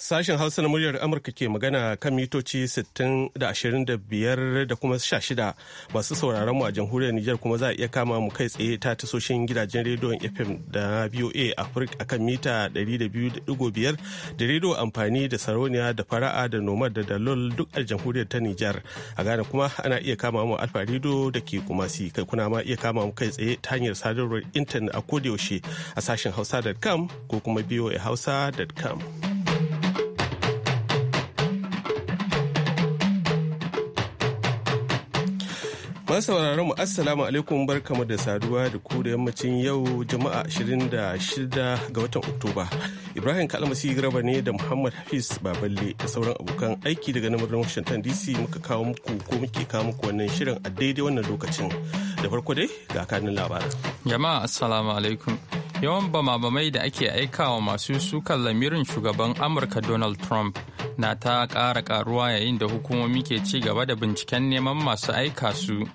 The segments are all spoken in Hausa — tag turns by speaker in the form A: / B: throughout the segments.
A: Sashen Hausa na muryar Amurka ke magana kan mitoci 60 da 25 da kuma 16 masu sauraron mu a jamhuriyar Nijar kuma za a iya kama mu kai tsaye ta tasoshin gidajen rediyon FM da BOA Afirka a kan mita 200.5 da rediyo amfani da sarauniya da fara'a da nomad da dalol duk a jamhuriyar ta Nijar. A Ghana kuma ana iya kama mu Alfa Rido da ke kuma si kai kuna ma iya kama mu kai tsaye ta hanyar sadarwar intanet a yaushe a sashen hausa.com ko kuma boahausa.com. Masu sauraron mu assalamu alaikum kama da saduwa da ku da yammacin yau jama'a 26 ga watan Oktoba. Ibrahim Kalmasi Garba ne da Muhammad Hafiz Baballe da sauran abokan aiki daga namurin Washington DC muka kawo muku ko muke kawo muku wannan shirin a daidai wannan lokacin. Da farko
B: dai ga kanin labarin. Jama'a assalamu alaikum. Yawan bama-bamai da ake aikawa masu sukan lamirin shugaban Amurka Donald Trump na ta ƙara ƙaruwa yayin da hukumomi ke ci gaba da binciken neman masu aika su.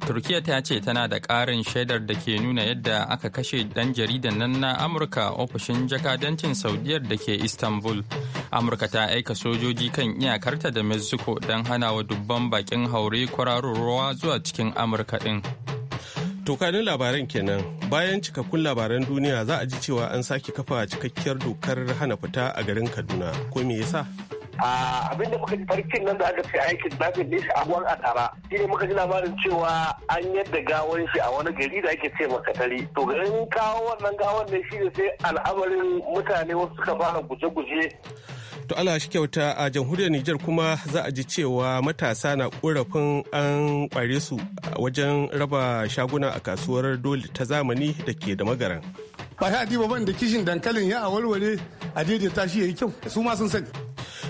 B: turkiyya ta ce tana da ƙarin shaidar da ke nuna yadda aka kashe ɗan jaridan nan na Amurka ofishin jakadancin Saudiyar da ke Istanbul. Amurka ta aika sojoji kan iyakarta da Mexico don hana wa dubban bakin haure kwararowa zuwa cikin Amurka ɗin.
A: Tokanin labaran kenan bayan cikakkun labaran duniya za a ji cewa an sake kafa cikakkiyar dokar hana fita a garin Kaduna. Ko me yasa?
C: abin da muka ji farkin nan da aka ce aikin na ne shi a gwan atara shi ne muka ji labarin cewa an yadda gawar shi a wani gari da ake ce makatari to garin kawo wannan gawar ne shi ne sai al'amarin mutane wasu suka fara guje-guje
A: to Allah shi kyauta a jamhuriyar Nijar kuma za a ji cewa matasa na korafin an kware su wajen raba shaguna a kasuwar dole ta zamani da ke da magaran. Ba ya diba ban da kishin dankalin ya a warware a daidaita shi ya yi kyau su ma sun sani.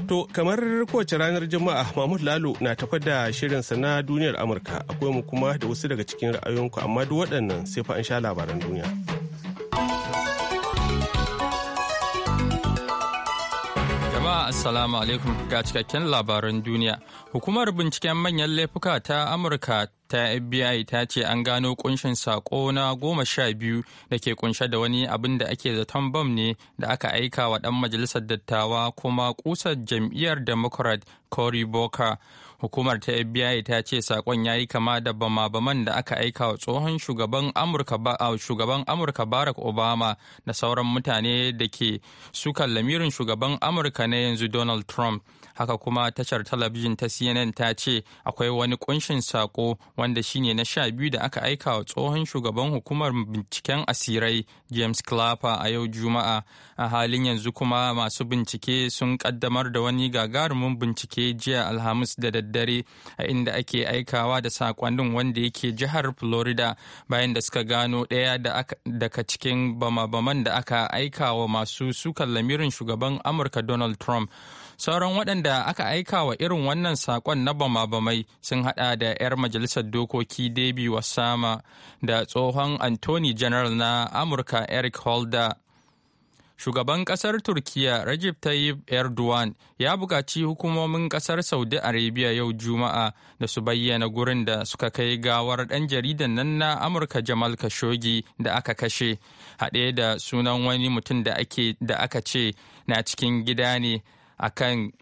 A: To, kamar kowace ranar Juma'a Mahmud Lalo na tafa da shirinsa na duniyar Amurka akwai mu kuma da wasu daga cikin ra'ayoyinku amma duk waɗannan sai fa an sha labaran duniya.
B: Jama'a Assalamu alaikum ga cikakken labaran duniya. Hukumar binciken manyan laifuka ta Amurka ta FBI ta ce an gano kunshin sako na goma sha biyu da ke kunshe da wani abin da ake zaton bam ne da aka aika wa ɗan majalisar dattawa kuma kusa jam'iyyar Democrat Cory Booker Hukumar ta FBI ta ce sakon ya yi kama da bama-baman da aka aika wa tsohon shugaban Amurka Barack Obama da sauran mutane da ke sukan lamirin shugaban Amurka na yanzu Donald Trump. Haka kuma tashar talabijin ta CNN ta ce akwai wani kunshin sako wanda shine na sha biyu da aka aika wa tsohon shugaban hukumar binciken asirai James Clapper a yau Juma'a. A halin yanzu kuma masu bincike sun kaddamar da wani gagarumin bincike jiya Alhamis da daddare a inda ake aikawa da sakonnin wanda yake jihar florida bayan da suka gano ɗaya daga cikin bama-baman da aka aika wa masu sukan lamirin shugaban amurka donald trump sauran waɗanda aka aika wa irin wannan sakon na bama-bamai sun haɗa da 'yar majalisar dokoki debbie wasama da tsohon anthony general na amurka eric holder shugaban kasar turkiyya Recep Tayyip Erdogan ya bukaci hukumomin kasar Saudi Arabia yau Juma'a da su bayyana gurin da suka kai gawar ɗan jaridan nan na Amurka Jamal Khashoggi da aka kashe, haɗe da sunan wani mutum da aka ce na cikin gida ne. akan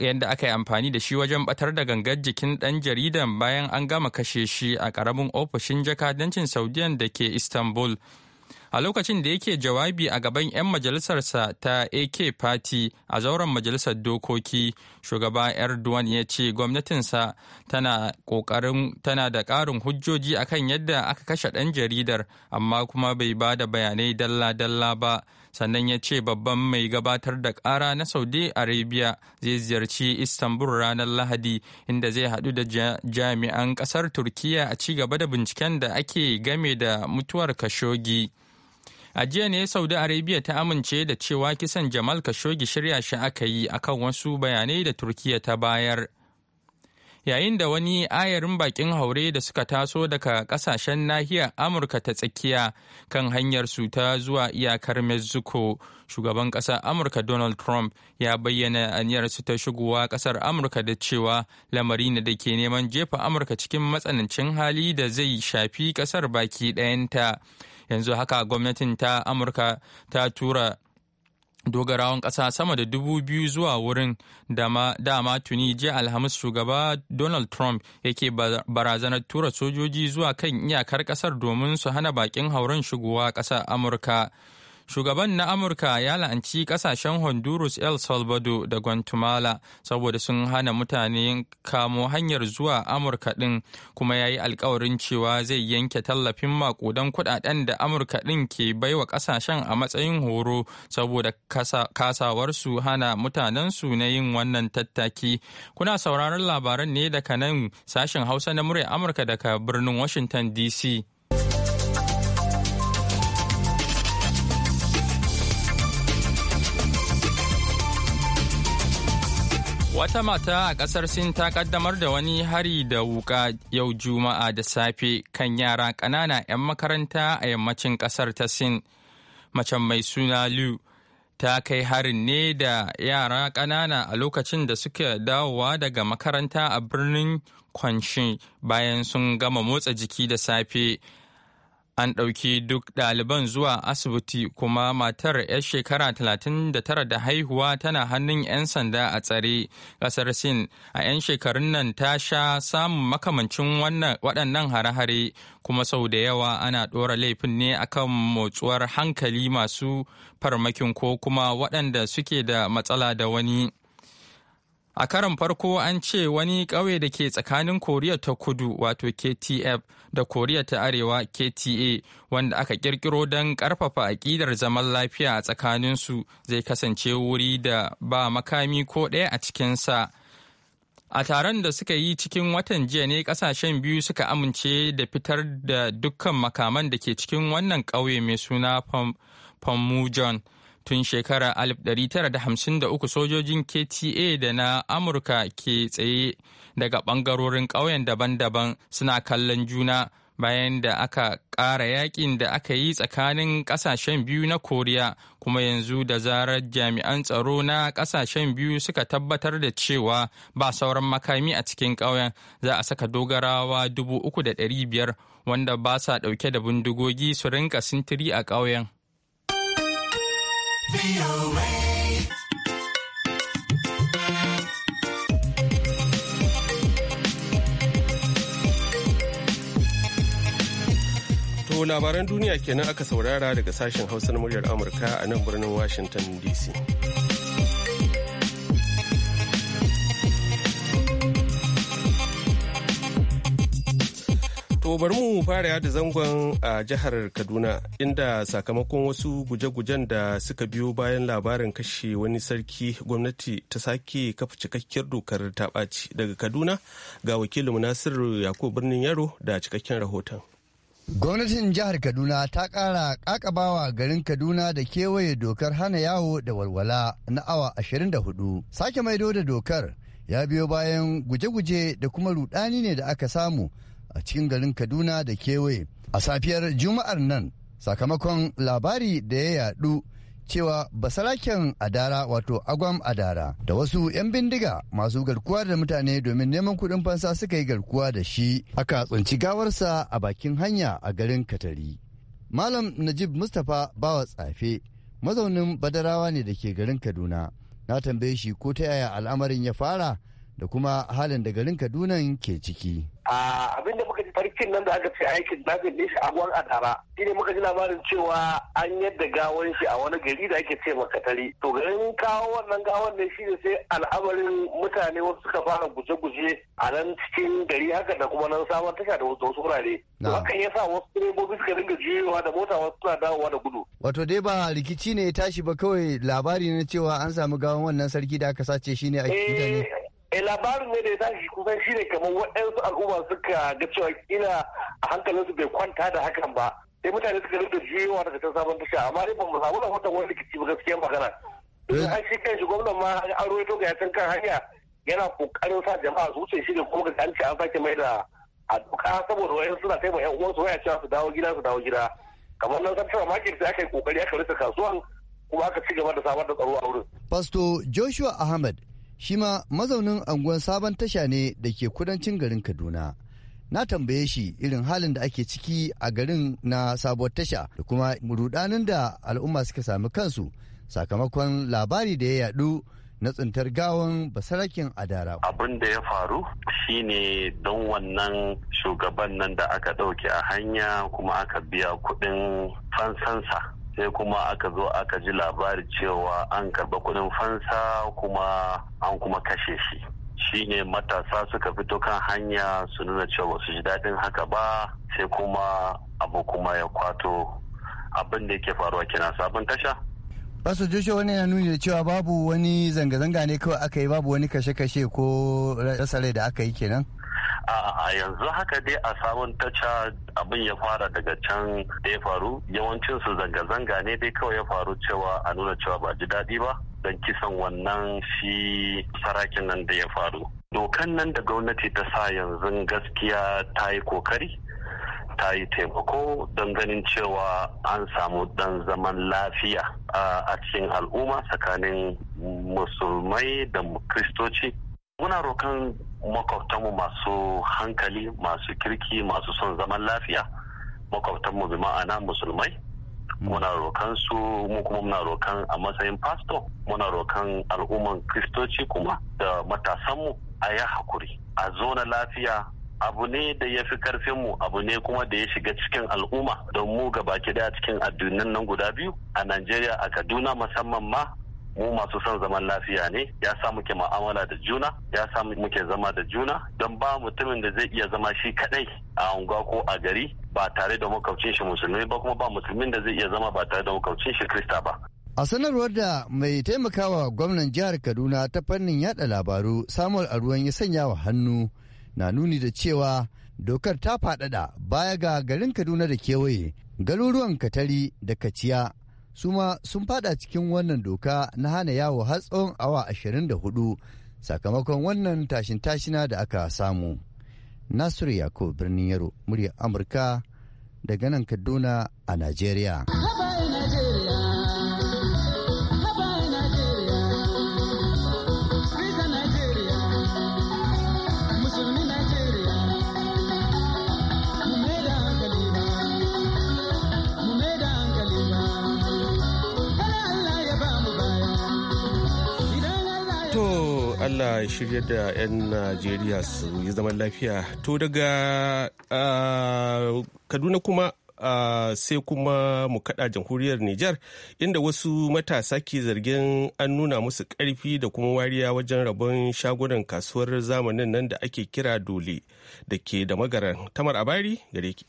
B: yadda aka yi amfani da shi wajen batar da gangar jikin ɗan jaridan bayan an gama kashe shi a ƙaramin ofishin jakadancin saudiyan da ke istanbul a lokacin da yake jawabi a gaban 'yan majalisarsa ta ak party a zauren majalisar dokoki shugaba erdogan ya ce gwamnatinsa tana tana da ƙarin hujjoji akan yadda aka kashe ɗan jaridar amma kuma bai ba da bayanai dalla-dalla ba sannan ya ce babban mai gabatar da ƙara na saudi arabia zai ziyarci istanbul ranar lahadi inda zai haɗu da jami'an ƙasar turkiya a ci gaba da binciken da ake game da mutuwar kashogi. A jiya ne Saudi Arabia ta amince da cewa kisan Jamal Khashoggi shirya shi aka yi akan wasu bayanai da Turkiya ta bayar. Yayin da wani ayarin bakin haure da suka taso daga kasashen nahiyar Amurka ta tsakiya kan hanyar su ta zuwa iyakar Mexico, shugaban ƙasar Amurka Donald Trump ya bayyana aniyar su ta shigowa kasar Amurka da cewa lamari ne da ke neman jefa Amurka cikin matsanancin hali da zai shafi kasar baki ɗayanta. yanzu haka gwamnatin ta amurka ta tura dogarawan ƙasa sama da dubu biyu zuwa wurin dama tuni jiya alhamis shugaba donald trump yake barazanar tura sojoji zuwa kan iyakar ƙasar domin su hana bakin hauren shigowa ƙasar amurka Shugaban na Amurka ya la'anci kasashen Honduras, El Salvador da Guatemala saboda sun hana mutane kamo hanyar zuwa Amurka ɗin kuma ya yi alkawarin cewa zai yanke tallafin makudan kudaden da Amurka ɗin ke baiwa kasashen a matsayin horo saboda kasawarsu hana mutanensu na yin wannan tattaki. Kuna sauraron labaran ne daga nan sashen Hausa na murya Amurka daga birnin Washington DC. Wata mata a ƙasar Sin ta ƙaddamar da wani hari da wuka yau Juma'a da safe kan yara ƙanana 'yan makaranta a yammacin ƙasar ta Sin. Macen mai suna Liu ta kai harin ne da yara ƙanana a lokacin da suke dawowa daga makaranta a birnin Kwanshi bayan sun gama motsa jiki da safe An ɗauki duk ɗaliban zuwa asibiti kuma matar 'yar shekara 39 da haihuwa tana hannun 'yan sanda a tsare. Ƙasar Sin a 'yan shekarun nan ta sha samun makamancin waɗannan hare-hare kuma sau da yawa ana ɗora laifin ne akan motsuwar hankali masu farmakin ko kuma waɗanda suke da matsala da wani. A karon farko an ce wani ƙauye da ke tsakanin Koriya ta kudu wato KTF da Koriya ta arewa KTA wanda aka ƙirƙiro don ƙarfafa aƙidar zaman lafiya a tsakaninsu zai kasance wuri da ba makami ko ɗaya a cikinsa. A taron da suka yi cikin watan jiya ne kasashen biyu suka amince da fitar da dukkan makaman da ke cikin wannan ƙauye mai suna Panmunjom. Tun shekara 1953 sojojin KTA da na Amurka ke tsaye daga bangarorin ƙauyen daban-daban suna kallon juna bayan da aka ƙara yakin da aka yi tsakanin ƙasashen biyu na Koriya kuma yanzu da zarar jami'an tsaro na ƙasashen biyu suka tabbatar da cewa ba sauran makami a cikin ƙauyen za a saka dogarawa 3,500 wanda ba sa ɗauke da bindigogi su rinka sintiri a ƙauyen. To
A: labaran duniya kenan aka saurara daga sashen hausa na muryar Amurka a nan birnin Washington DC. bari mu fara yada zangon a jihar Kaduna inda sakamakon wasu guje-gujen da suka biyo bayan labarin kashe wani sarki gwamnati ta sake kafa cikakkiyar dokar ta daga Kaduna ga wakilin Nasiru Yakubu Birnin Yaro da cikakken rahoton.
D: Gwamnatin jihar Kaduna ta ƙara ƙaƙabawa garin Kaduna da kewaye dokar hana yawo da walwala na awa 24. Sake maido da dokar ya biyo bayan guje-guje da kuma rudani ne da aka samu a cikin garin Kaduna da kewaye a safiyar Juma'ar nan sakamakon labari da ya yadu cewa basaraken adara wato agwam adara da wasu 'yan bindiga masu garkuwa da mutane domin neman kuɗin fansa suka yi garkuwa da shi aka tsinci gawarsa a bakin hanya a garin katari malam najib mustapha bawa tsafe mazaunin badarawa ne da ke garin kaduna na tambaye shi ko ta yaya al'amarin ya fara da kuma halin da garin kaduna ke ciki
C: abinda muka ji farkin nan da aka ce aikin na ne shi a ruwan adara shine muka ji labarin cewa an yadda gawan shi a wani gari da ake ce makatari to garin kawo wannan gawon ne shi ne sai al'amarin mutane wasu suka fara guje-guje a nan cikin gari haka da kuma nan sabon tasha da wasu wurare to hakan sa wasu direbobi suka dinga juyewa da mota wasu suna dawowa da gudu
D: wato dai ba rikici ne ya tashi ba kawai labari ne cewa an samu gawon wannan sarki da aka sace shi ne a mutane eh,
C: e labarin ne da ya tashi kusan shine kamar waɗansu al'umma suka ga cewa kila a hankalinsu bai kwanta da hakan ba sai mutane suka rika juyowa daga can sabon tasha amma dai ban mu samu wata wani rikici ba gaskiya magana don eh. an shi kan shi gwamnan ma an to ga yatsan kan hanya yana kokarin sa jama'a su wuce shi ne kuma ga an ce an sake mai da a duka saboda wayan suna kai ma yan uwansu waya cewa su dawo gida su dawo gida kamar nan san cewa makin sai aka yi kokari aka rufe kasuwan kuma aka ci gaba da
D: samar da tsaro a wurin. Pasto Joshua Ahmed shi ma mazaunin anguwan sabon tasha ne da ke kudancin garin kaduna na tambaye shi irin halin da ake ciki a garin na sabuwar tasha da kuma rudanin da al'umma suka sami kansu sakamakon labari da ya yadu na tsintar gawon basarakin adara.
E: Abin da ya faru shine don wannan shugaban nan da aka ɗauke a hanya kuma aka biya kuɗin fansansa sai kuma aka zo aka ji labari cewa an karba kudin fansa kuma an kuma kashe shi shine matasa suka fito kan hanya su nuna cewa su ji daɗin haka ba sai kuma abu kuma ya kwato abin da yake faruwa kenan sabon tasha
D: Basu Joshua wani na nuni da cewa babu wani zanga-zanga ne kawai aka yi babu wani kashe-kashe ko rasa rai da aka yi kenan.
E: a yanzu haka dai a sabon taca abin ya fara daga can da ya faru yawancin su zanga-zanga ne dai kawai ya faru cewa a nuna cewa ba ji daɗi ba don kisan wannan shi sarakin nan da ya faru dokan nan da gwamnati ta sa yanzu gaskiya ta yi kokari ta yi taimako don ganin cewa an samu dan zaman lafiya a cikin al'umma tsakanin musulmai da kristoci muna rokan makwabtanmu masu hankali masu kirki masu son zaman lafiya makwabtanmu bi ma'ana musulmai mm. muna rokan su mu kuma muna rokan a matsayin pastor muna rokan al'umman kristoci kuma da matasanmu a ya hakuri a zona lafiya abu ne da ya fi karfinmu abu ne kuma da ya shiga cikin al'umma don mu gaba daya cikin addinan nan guda biyu a najeriya a kaduna musamman ma mu masu son zaman lafiya ne ya sa muke ma'amala da juna ya sa muke zama da juna don ba mutumin da zai iya zama shi kadai a unguwa ko a gari ba tare da makaucin shi musulmi ba kuma ba musulmin da zai iya zama ba tare da makaucin shi krista ba
D: A sanarwar da mai taimakawa gwamnan jihar Kaduna ta fannin yada labaru Samuel Aruwan ya sanya wa hannu na nuni da cewa dokar ta faɗaɗa baya ga garin Kaduna da kewaye garuruwan Katari da Kaciya suma sun fada cikin wannan doka na hana yawo har tsawon awa 24 sakamakon wannan tashin tashina da aka samu. Nasiru yakub birnin Yaro, muryar Amurka daga nan Kaduna a Najeriya.
A: allah ya shirya da 'yan najeriya su yi zaman lafiya to daga kaduna kuma sai kuma mu kada jamhuriyar Nijar inda wasu matasa ke zargin an nuna musu karfi da kuma wariya wajen rabon shagunan kasuwar zamanin nan da ake kira dole da ke da magaran tamar abari gare ki.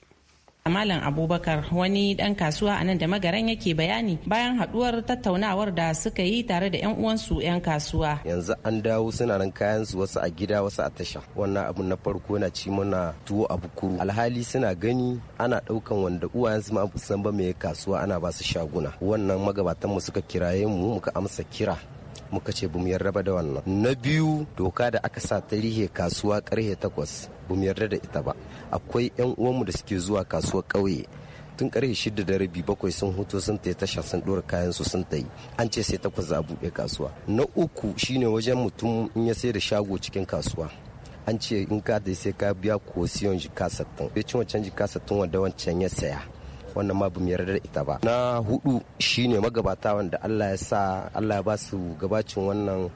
F: Malam Abubakar wani ɗan kasuwa a nan da magaran yake bayani bayan haɗuwar tattaunawar da suka yi tare da 'yan uwansu 'yan kasuwa.
G: Yanzu an dawo suna nan kayansu su wasu a gida wasu a tasha. Wannan abu na farko na ci mana tuwo a bukuru. Alhali suna gani ana ɗaukan wanda uwayensu ma san ba mai kasuwa ana ba su shaguna. Wannan magabatan mu suka kiraye mu muka amsa kira muka ce mu yarda da wannan na biyu doka da aka sa ta rihe kasuwa karhe takwas bamu yarda da ita ba akwai yan uwanmu da suke zuwa kasuwar ƙauye tun karhe shida da rabi bakwai sun hutu sun ta tasha sun dora kayan su sun ta yi an ce sai takwas za a buɗe kasuwa na uku shine wajen mutum in ya sai da shago cikin kasuwa an ce in ka da sai ka biya ko siyon jika sattin bai cin wancan jika sattin wanda wancan ya saya wannan ma bamu yarda da ita ba na hudu shine magabata wanda Allah ya sa Allah ya ba su gabacin wannan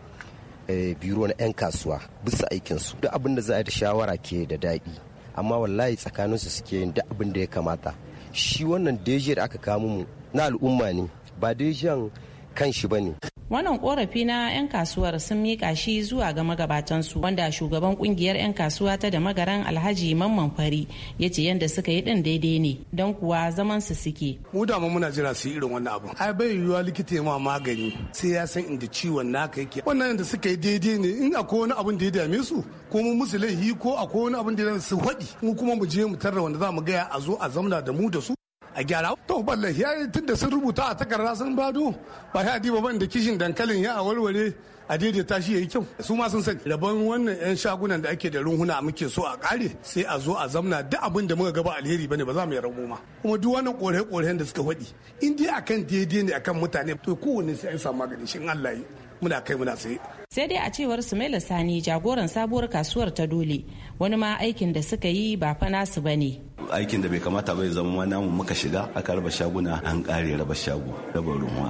G: eh, biro na 'yan kasuwa bisa aikinsu duk abin da za a da shawara ke da daɗi amma wallahi tsakanin su suke yin duk abin da ya kamata shi wannan deje da aka kamo mu na al'umma ne ba dejen kan shi bane
F: wannan korafi na 'yan kasuwar sun mika shi zuwa ga magabatansu wanda shugaban kungiyar 'yan kasuwa ta da magaran alhaji mamman fari ya ce yadda suka yi din daidai ne don kuwa zaman su suke
H: mu da muna jira su irin wannan abu ai bai yiwuwa likita ya ma magani sai ya san inda ciwon naka yake wannan yadda suka yi daidai ne in akwai wani abun da ya dame su ko mu musu laifi ko akwai wani abun da ya su faɗi mu kuma mu je mu tarra wanda za mu gaya a zo a zamna da mu da su a gyara to balle ya yi tun da sun rubuta a takarda sun bado ba ya diba ban da kishin dankalin ya a warware a daidaita shi yi kyau su ma sun sani rabon wannan yan shagunan da ake da runhuna muke so a kare sai a zo a zamna duk abin da muka gaba alheri bane ba za mu yi rabo ma kuma duk wannan kore-koren da suka faɗi in akan daidai ne akan mutane to kowanne sai an samu magani shin Allah yi muna kai muna sai
F: sai dai a cewar su maila sani jagoran sabuwar kasuwar ta dole wani ma aikin da suka yi ba fa nasu ba ne.
I: aikin da bai kamata bai zama ma namu muka shiga aka raba shaguna an kare raba shago raba ruwa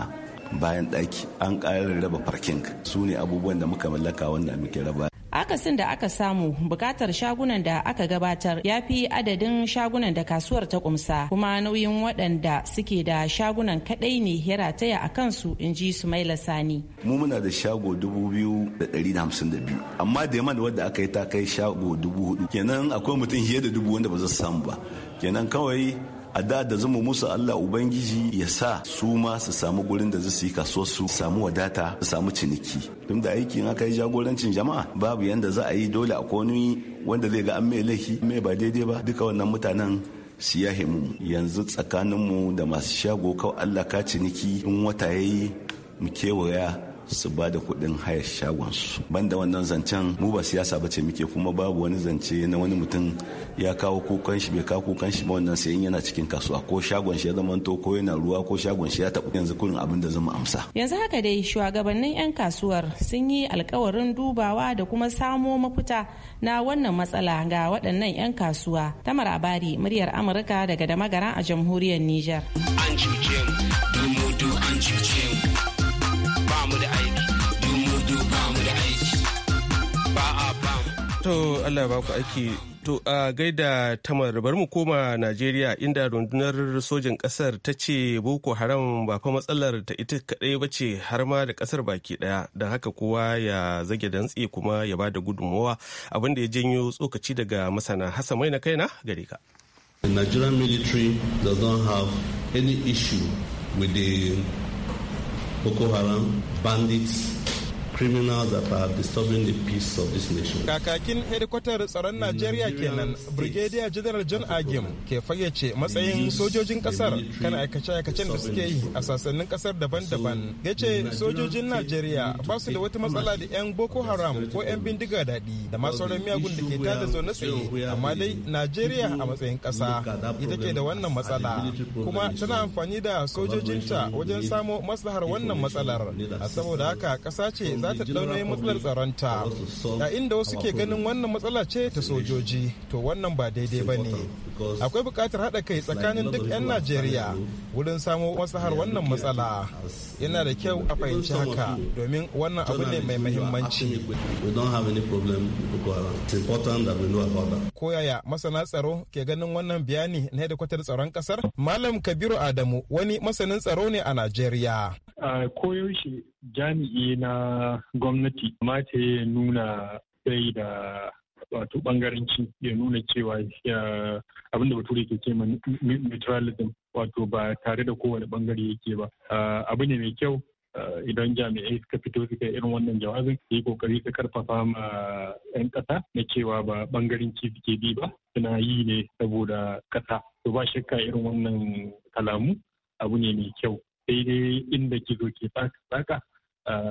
I: bayan ɗaki an kare raba parking su ne abubuwan da muka mallaka wanda muke raba
F: akasin da aka samu bukatar shagunan da aka gabatar ya fi adadin shagunan da kasuwar ta kumsa kuma nauyin waɗanda suke da shagunan kaɗai ne ya rataya a kansu in ji sumaila sani
I: mu muna da shago biyu amma da yamma da wadda aka yi ta kai shago hudu kenan akwai mutum fiye da dubu wanda ba za su samu ba kenan kawai a da da zama musu Allah Ubangiji ya sa su ma su samu gurin da su yi kasuwar su samu wadata su samu ciniki tun da aikin aka yi jagorancin jama'a babu yanda za a yi dole a koni wanda zai ga an mai laifi mai ba daidai ba duka wannan mutanen su ya himu yanzu tsakaninmu da masu shago kawai Allah ka ciniki in wata yayi mu kewaya su ba da kuɗin hayar shagonsu banda wannan zancen mu ba siyasa ba ce muke kuma babu wani zance na wani mutum ya kawo kukan shi bai kawo kukan shi ba wannan sai yana cikin kasuwa ko shagon shi ya zama to ko yana ruwa ko shagon shi ya taɓa yanzu kurin abin da zama amsa
F: yanzu haka dai shugabannin 'yan kasuwar sun yi alkawarin dubawa da kuma samo mafita na wannan matsala ga waɗannan 'yan kasuwa tamar abari muryar amurka daga damagara a jamhuriyar niger
J: an cuce mu an cuce mu
K: bamu da aiki dumudu ba da aiki
A: ba a ba to Allah ba ku aiki to a gaida tamar bari mu koma Najeriya inda rundunar sojin kasar ta ce Boko Haram ba fa matsalar ta ita kadai ba ce har ma da kasar baki ɗaya, da haka kowa ya zage dantse kuma ya ba da gudunmowa abinda ya janyo tsokaci daga masana Hassan mai na kaina gare ka
I: The Nigerian military does not have any issue with the Boko Haram, bandits, criminals that are disturbing the peace of this nation.
K: Kakakin hedikwatar tsaron Najeriya kenan Brigadier General John
I: Agim ke fage ce matsayin
K: sojojin kasar kan aikace-aikacen da suke yi a sassanin kasar daban-daban. Ya ce sojojin Najeriya ba su da wata matsala da 'yan Boko Haram ko 'yan bindiga daɗi da ma sauran miyagun da ke tada zaune
A: tsaye amma dai
K: Najeriya a matsayin ƙasa ita ke da wannan matsala kuma tana amfani da sojojinta wajen samo maslahar wannan matsalar. A saboda haka kasa ce za ta launoyin matsalar tsaronta yayin da wasu ke ganin wannan matsala ce ta sojoji to wannan ba daidai ba ne akwai bukatar haɗa kai tsakanin duk 'yan najeriya wurin samo masahar wannan matsala yana da kyau a fahimci haka domin wannan abu ne mai mahimmanci koyaya masana tsaro ke ganin wannan bayani na hedikwatar tsaron kasar malam kabiru adamu wani masanin tsaro ne a najeriya
L: koyaushe jami'i na gwamnati kamata ya nuna sai da wato bangarenci ya nuna cewa abin da bature ke ce neutralism wato ba tare da kowane bangare yake ba abu ne mai kyau idan jami'ai suka fito suka irin wannan jawabin ya yi kokari su karfafa ma 'yan kasa na cewa ba bangaranci suke bi ba suna yi ne saboda kasa to ba shakka irin wannan kalamu abu ne mai kyau sai dai inda gizo ke tsaka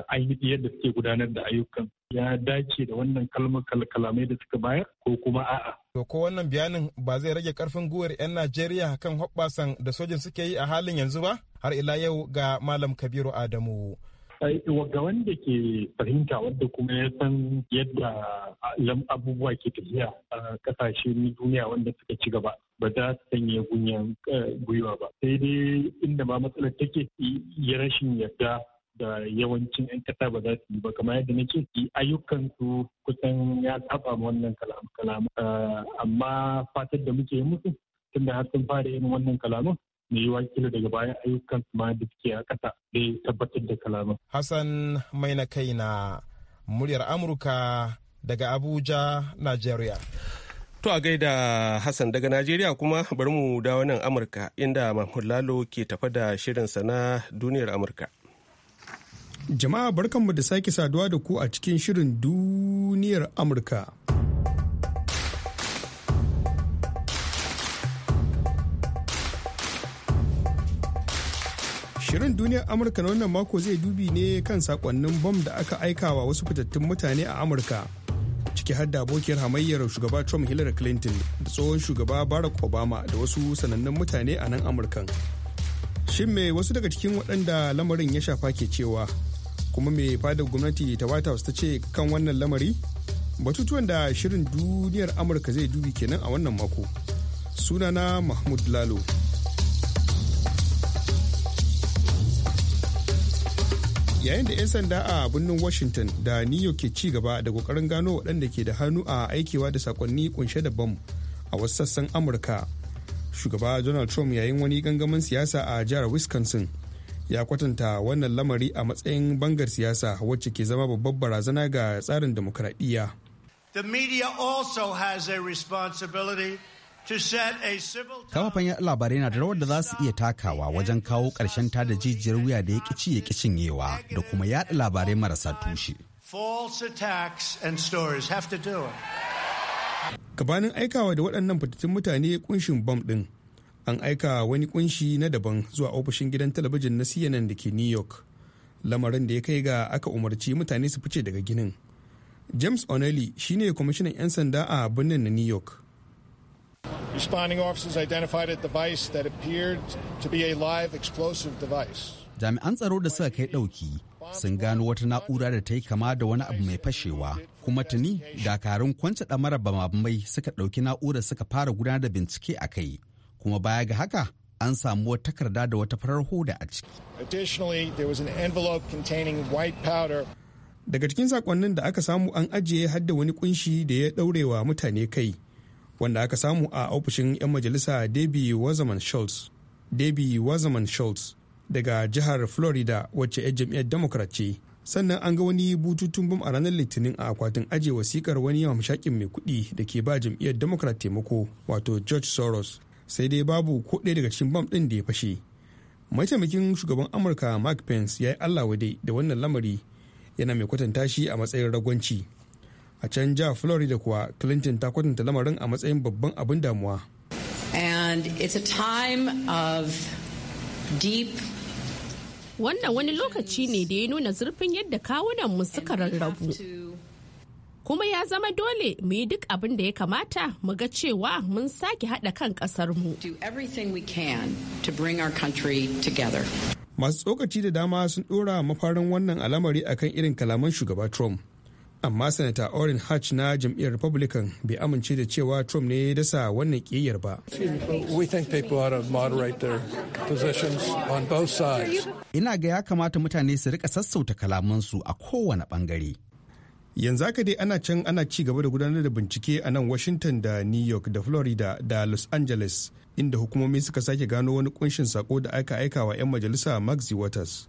L: ainihin yadda suke gudanar da ayyukan ya dace da wannan kalmar kalamai da suka
K: bayar ko kuma a'a. To ko wannan bayanin ba zai rage karfin guwar 'yan Najeriya kan hoɓɓasan da sojin suke yi a halin yanzu ba? Har ila yau ga Malam Kabiru Adamu.
L: ga wanda ke fahimta wanda kuma ya san yadda lam abubuwa ke tafiya a kasashe duniya wanda suka ci gaba ba za su sanya gunyan eh, gwiwa ba sai dai inda ma matsalar take ya rashin yadda da yawancin 'yan kasa ba za su yi ba kamar yadda na ce ayyukan su kusan ya saba wannan kalam eh, amma fatar da muke musu tunda har sun fara yin wannan kalaman mai yi kila daga bayan ayyukan su ma da suke a ƙasa da tabbatar da kalaman. Hassan
K: mai na kai na muryar Amurka daga Abuja, Najeriya.
A: To a gaida Hassan daga Najeriya kuma bari mu dawo nan Amurka inda Mahmud Lalo ke tafa da shirin na duniyar Amurka.
H: Jama'a barkanmu da sake saduwa da ku a cikin shirin duniyar Amurka. Shirin duniyar Amurka na wannan mako zai dubi ne kan sakonnin bom da aka aika wa wasu fitattun mutane a Amurka. ciki har da abokiyar hamayyar shugaba Trump Hillary Clinton da tsohon shugaba Barack Obama da wasu sanannun mutane a nan Amurkan. Shin me wasu daga cikin waɗanda lamarin ya shafa ke cewa kuma mai fadar gwamnati ta white house ta ce kan wannan lamari batutuwan da shirin duniyar amurka zai dubi kenan a wannan mako sunana mahmud lalo yayin da 'yan sanda a birnin washington da new york ke ci gaba da kokarin gano waɗanda ke da hannu a aikewa da sakonni kunshe da bam a wasu sassan amurka shugaba donald trump yayin wani gangamin siyasa a jihar wisconsin ya kwatanta wannan lamari a matsayin bangar siyasa wacce ke zama babbar barazana ga tsarin demokradiyya.
C: The media also has a responsibility
G: Kafafen yaɗa labarai na da rawar da za su iya takawa wajen kawo ƙarshen tada jijiyar wuya da ya ƙici ya cinyewa da kuma yaɗa labarai marasa tushe.
C: and
H: Gabanin aikawa da waɗannan fitattun mutane kunshin bam ɗin an aika wani kunshi na daban zuwa ofishin gidan talabijin na cnn da ke new york lamarin da ya kai ga aka umarci mutane su fice daga ginin james o'neilly shine kwamishinan 'yan sanda a birnin na new york
G: Jami'an tsaro da suka kai dauki sun gano wata na'ura da ta yi kama da wani abu mai fashewa kuma tuni dakarun kwance ɗamara bamabamai suka dauki na'urar suka fara gudanar da bincike a kai kuma baya ga haka an samu wata takarda da wata farar hoda a ciki.
H: Daga cikin sakonnin da aka samu an ajiye hadda wani kunshi da ya daurewa mutane kai wanda aka samu a ofishin 'yan majalisa Debbie Wazaman Schultz. Debbie Wazaman Schultz daga jihar Florida wacce 'yan jam'iyyar Democrat ce. Sannan an ga wani bututun bam a ranar Litinin a akwatin ajiye wasikar wani yawan mashakin mai kuɗi da ke ba jam'iyyar Democrat taimako wato George Soros. sai dai babu ko ɗaya daga cikin bam ɗin da ya fashe mataimakin shugaban amurka mark pence ya yi allah wade da wannan lamari yana mai kwatanta shi a matsayin ragwanci a can jihar florida kuwa clinton ta kwatanta lamarin a matsayin babban abin damuwa
F: and it's a time
J: of deep wannan wani lokaci ne da ya nuna zurfin yadda kawunan mu suka rarrabu kuma ya zama dole mu yi duk abin da ya kamata mu ga cewa mun sake haɗa kan mu.
H: Masu tsokaci da dama sun ɗora mafarin wannan al'amari akan irin kalaman shugaba Trump. Amma Sanata Orrin Hatch na jam'iyyar Republican bai amince da cewa Trump ne ya dasa wannan ƙiyayyar ba. Ina ga ya kamata mutane su rika sassauta kalamansu a kowane bangare. yanzu haka dai ana can ana ci gaba da gudanar da bincike a nan washington da new york da florida da los angeles inda hukumomi suka sake gano wani kunshin sako da aka aika wa 'yan majalisa maxi waters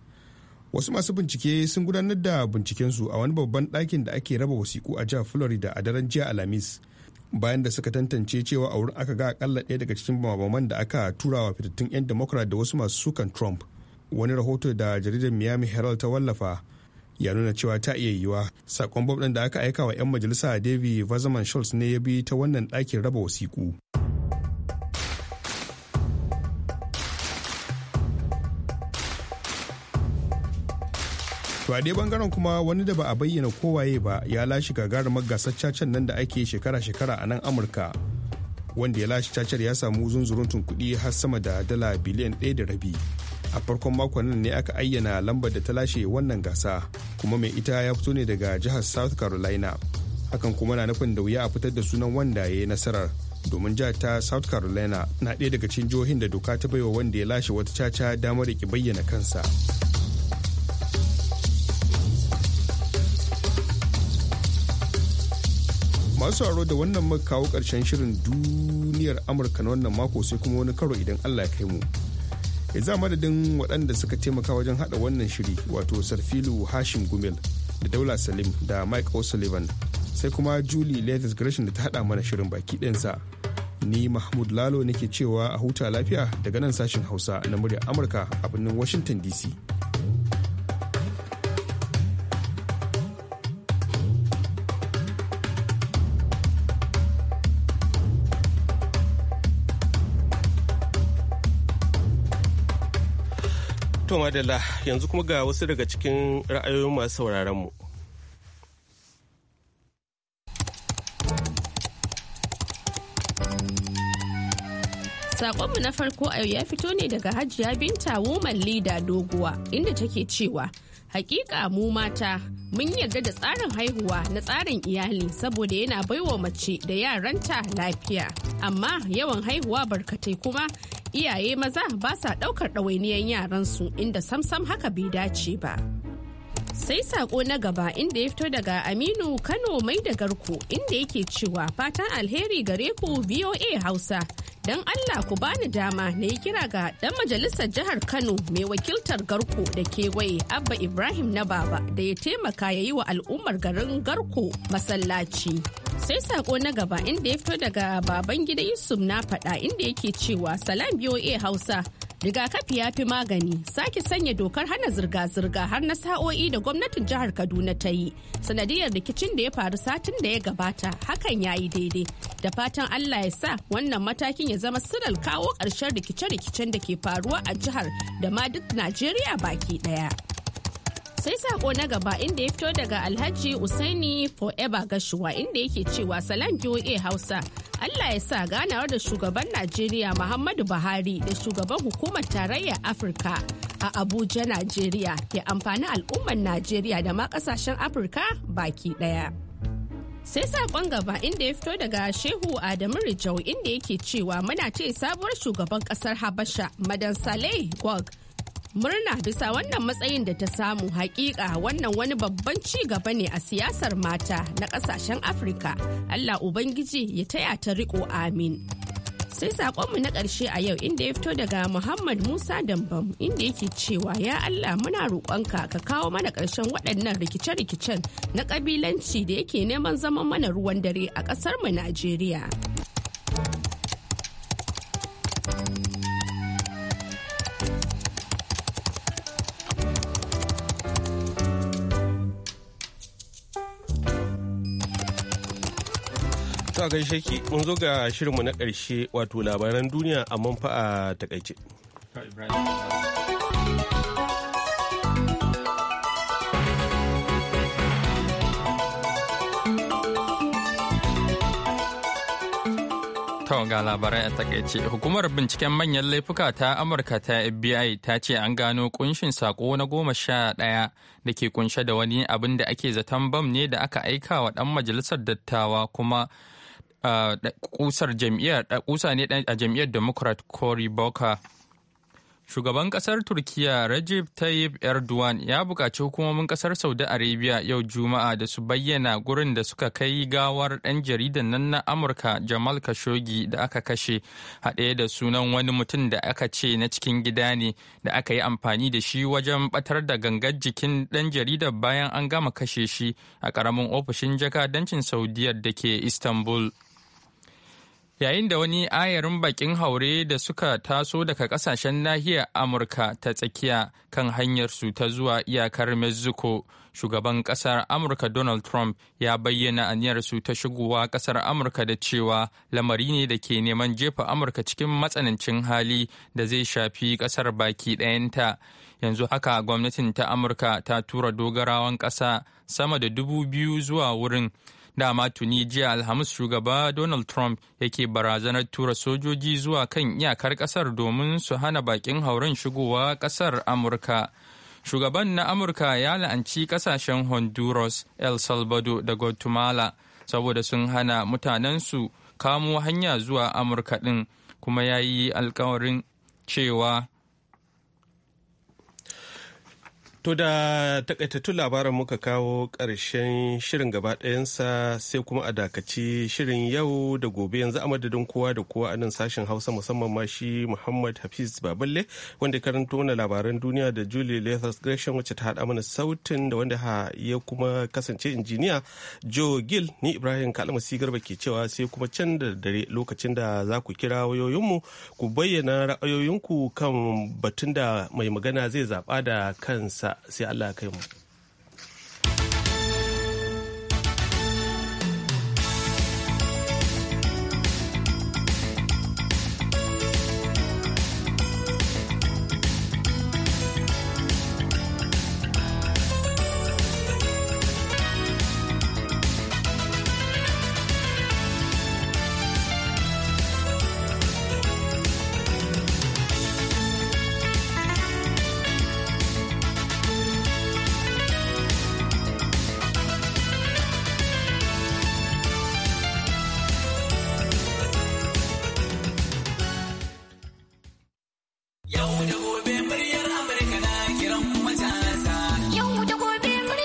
H: wasu masu bincike sun gudanar da bincikensu a wani babban ɗakin da ake raba wasiku a jihar florida a daren jiya alhamis bayan da suka tantance cewa a wurin aka ga akalla ɗaya daga cikin mabaman da aka tura wa fitattun 'yan democrat da wasu masu sukan trump wani rahoto da jaridar miami herald ta wallafa ya nuna cewa ta iya yiwuwa sakon bob ɗin da aka aika wa 'yan majalisa david vazaman schultz ne ya bi ta wannan ɗakin raba wasiku. to a dai bangaren kuma wani da ba a bayyana kowaye ba ya lashe gagarumar gasar cacar nan da ake shekara-shekara a nan amurka wanda ya lashe cacar ya samu zunzuruntun kuɗi har sama da dala biliyan ɗaya da rabi a farkon makonin ne aka ayyana lambar da ta lashe wannan gasa kuma mai ita ya fito ne daga jihar south carolina hakan kuma na nufin da wuya a fitar da sunan wanda ya yi nasarar domin jihar ta south carolina na ɗaya daga cikin jihohin da doka ta baiwa wanda ya lashe wata caca damar ya ki bayyana kansa masu aro da wannan muka kawo ƙarshen shirin duniyar amurka na wannan mako sai kuma wani karo idan allah ya kai mu za madadin waɗanda suka taimaka wajen haɗa wannan shiri wato sarfilu hashim gumel da daula salim da mike o'sullivan sai kuma julie latest gresham da ta haɗa mana shirin baki ɗinsa ni mahmud lalo nake cewa a huta lafiya daga nan sashen hausa na muryar amurka a birnin washington dc
A: To madalla yanzu kuma ga wasu daga cikin ra'ayoyin masu sauraron mu.
J: Sakonmu na farko a yau ya fito ne daga Hajiya Binta Woman leader Doguwa inda take cewa hakika mu mata mun yarda da tsarin haihuwa na tsarin iyali saboda yana baiwa mace da yaranta lafiya amma yawan haihuwa barkatai kuma iyaye maza ba sa ɗaukar ɗawainiyar yaransu inda samsam haka bai dace ba. sai sako na gaba inda ya fito daga aminu kano mai da garko inda yake cewa fatan alheri gare ku voa hausa don allah ku bani dama na yi kira ga ɗan majalisar jihar kano mai wakiltar garko da kewaye abba ibrahim na baba da ya taimaka ya yi wa al'ummar garin garko masallaci sai sako na gaba inda ya fito daga baban gida yusuf na faɗa inda yake cewa salam boa hausa rigakafi ya fi magani sake sanya dokar hana zirga-zirga har na sa'o'i da gwamnatin jihar kaduna ta yi sanadiyar rikicin da ya faru satin da ya gabata hakan ya yi daidai da fatan allah ya sa wannan matakin ya zama siral kawo ƙarshen rikice-rikicen da ke faruwa a jihar da ma duk najeriya baki ɗaya. sai sako na gaba inda ya fito daga alhaji usaini forever gashuwa inda yake cewa salam voa hausa allah ya sa ganawar da shugaban najeriya muhammadu buhari da shugaban hukumar tarayyar afirka a abuja najeriya ya amfani al'ummar najeriya da ma kasashen afirka baki daya sai saƙon gaba inda ya fito daga shehu adamu rijau inda yake cewa muna ce sabuwar shugaban kasar habasha madan saleh gog murna bisa wannan matsayin da ta samu hakika wannan wani babban ci gaba ne a siyasar mata na kasashen afirka allah ubangiji ya taya ta riko amin sai saƙonmu na ƙarshe a yau inda ya fito daga muhammad musa dambam inda yake cewa ya allah muna roƙonka ka kawo mana ƙarshen waɗannan rikice-rikicen na ƙabilanci da yake neman zaman mana ruwan dare a ƙasarmu najeriya
A: gaishe ki mun zo ga shirinmu na ƙarshe wato labaran duniya a manfa a takaice.
B: ga labarai a takaice hukumar binciken manyan laifuka ta Amurka ta FBI ta ce an gano kunshin sako na goma sha daya da ke kunshe da wani abin da ake zaton bam ne da aka aika wa ɗan majalisar dattawa kuma kusar kusa ne a jam'iyyar democrat cory boka shugaban kasar turkiya rajib Tayyip Erdogan ya bukaci hukumomin kasar Saudi Arabia yau Juma'a da su bayyana gurin da suka kai gawar ɗan jaridan nan na Amurka Jamal Khashoggi da aka kashe haɗe da sunan wani mutum da aka ce na cikin gida ne da aka yi amfani da shi wajen batar da gangar jikin ɗan jaridar bayan an gama kashe shi a ƙaramin ofishin jakadancin Saudiyar da ke Istanbul. yayin da wani ayarin bakin haure da suka taso daga kasashen nahiyar amurka ta tsakiya kan hanyarsu ta zuwa iyakar mexico shugaban kasar amurka donald trump ya bayyana aniyarsu ta shigowa kasar amurka da cewa lamari ne da ke neman jefa amurka cikin matsanancin hali da zai shafi kasar baki ɗayanta yanzu haka gwamnatin ta amurka ta tura dogarawan ƙasa sama da dubu biyu zuwa wurin Dama tuni jiya Alhamis shugaba Donald Trump yake barazanar tura sojoji zuwa kan iyakar kasar domin su hana bakin hauren shigowa kasar Amurka. Shugaban na Amurka ya la'anci kasashen Honduras, El Salvador da Guatemala saboda sun hana mutanensu kamo hanya zuwa Amurka din kuma ya yi alkawarin cewa To da takaitattun labaran
A: muka kawo ƙarshen shirin gaba ɗayansa sai kuma a dakaci shirin yau da gobe yanzu a madadin kowa da kowa a nan sashen Hausa musamman ma shi Muhammad Hafiz Baballe wanda karanto mana labaran duniya da Julie Lathers Gresham wacce ta haɗa mana sautin da wanda ya kuma kasance injiniya Joe Gill ni Ibrahim Kalma Garba ke cewa sai kuma can da dare lokacin da za ku kira wayoyinmu ku bayyana ra'ayoyinku kan batun da mai magana zai zaɓa da kansa sai Allah ya kai mu.